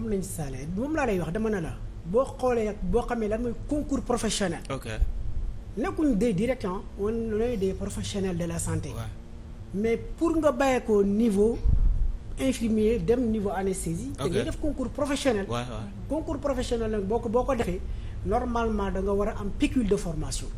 am nañ salaire moom laa lay wax dama ne la boo xoolee boo xamee lan mooy concours professionnel. ok nekkuñ des directeurs on est des professionnels de la santé. mais pour nga bàyyeekoo niveau infirmier dem niveau anesthésie. ok te ngay def concours professionnel. concours professionnel boo ko boo ko defee normalement danga war a am pécule de formation.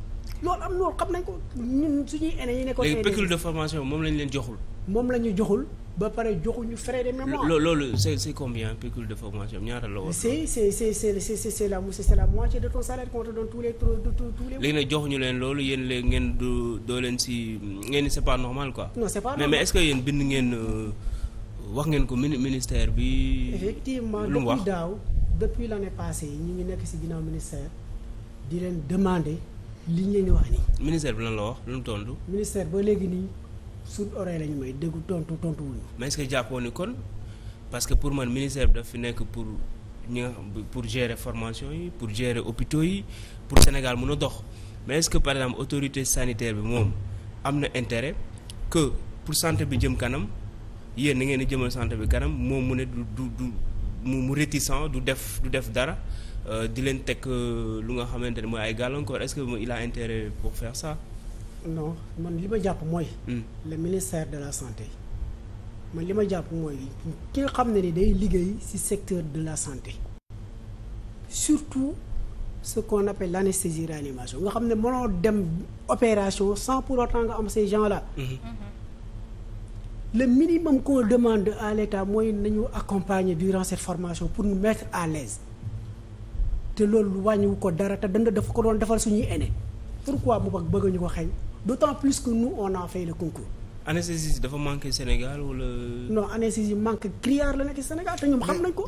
loolu am loolu xam nañ ko ñun suñuy aînés yi nekkoon. léegi pécule de formation moom lañ leen joxul. moom la ñu joxul. ba pare joxuñu frais de mémoire. loolu c'est c'est combien pécule de formation ñaata la woon. c'est c'est c'est c'est c'est la c'est la moitié de ton salaire qu'on te donne nag joxuñu leen loolu yéen léegi ngeen du doo leen si ngeen c'est pas normal quoi. pas normal mais mais est-ce que yéen bind ngeen euh, wax ngeen ko ministère bi. lu effectivement depuis daaw depuis l'année passée ñu ngi nekk si ginnaaw ministère di leen demander li ñu leen wax nii. ministère bi lan la wax lu mu tontu. ministère ba léegi nii. sourd oreille la ñu may déggu tontu tontu wuñu mais est que jàppoo ni kon parce que pour man ministère bi daf fi nekk pour ñi nga xam pour gérer formation yi pour gérer hôpitaux yi pour Sénégal mun a dox mais est que par exemple autorité sanitaire bi moom am na intéret que pour santé bi jëm kanam yéen na ngeen di jëmal santé bi kanam moom mu ne du du du mu réticent du def du def dara euh, di leen teg euh, lu nga xamante ne mooy ay gàllankoor est-ce que il a intérêt pour faire ça. non man li ma jàpp mooy. Hmm. le ministère de la santé. man li ma jàpp mooy ki nga xam ne ni day liggéey ci secteur de la santé. surtout ce la ne l'anesthésie réanimation nga xam ne mënoo dem opération san pour autant nga am ces gens-là. Mm -hmm. le minimum qu'on demande à l'État mooy nañu accompagner durant cette formation pour nous mettre à l'aise te loolu wàññiwu ko dara te dana dafa ko doon defal suñuy aînés pourquoi mu bëgg ñu ko xeeñ d'autant plus que nous on a fait le concours. anesthésiste dafa manqué Sénégal wala. non anesthésiste manque criard la nekk Sénégal te ñoom xam nañ ko.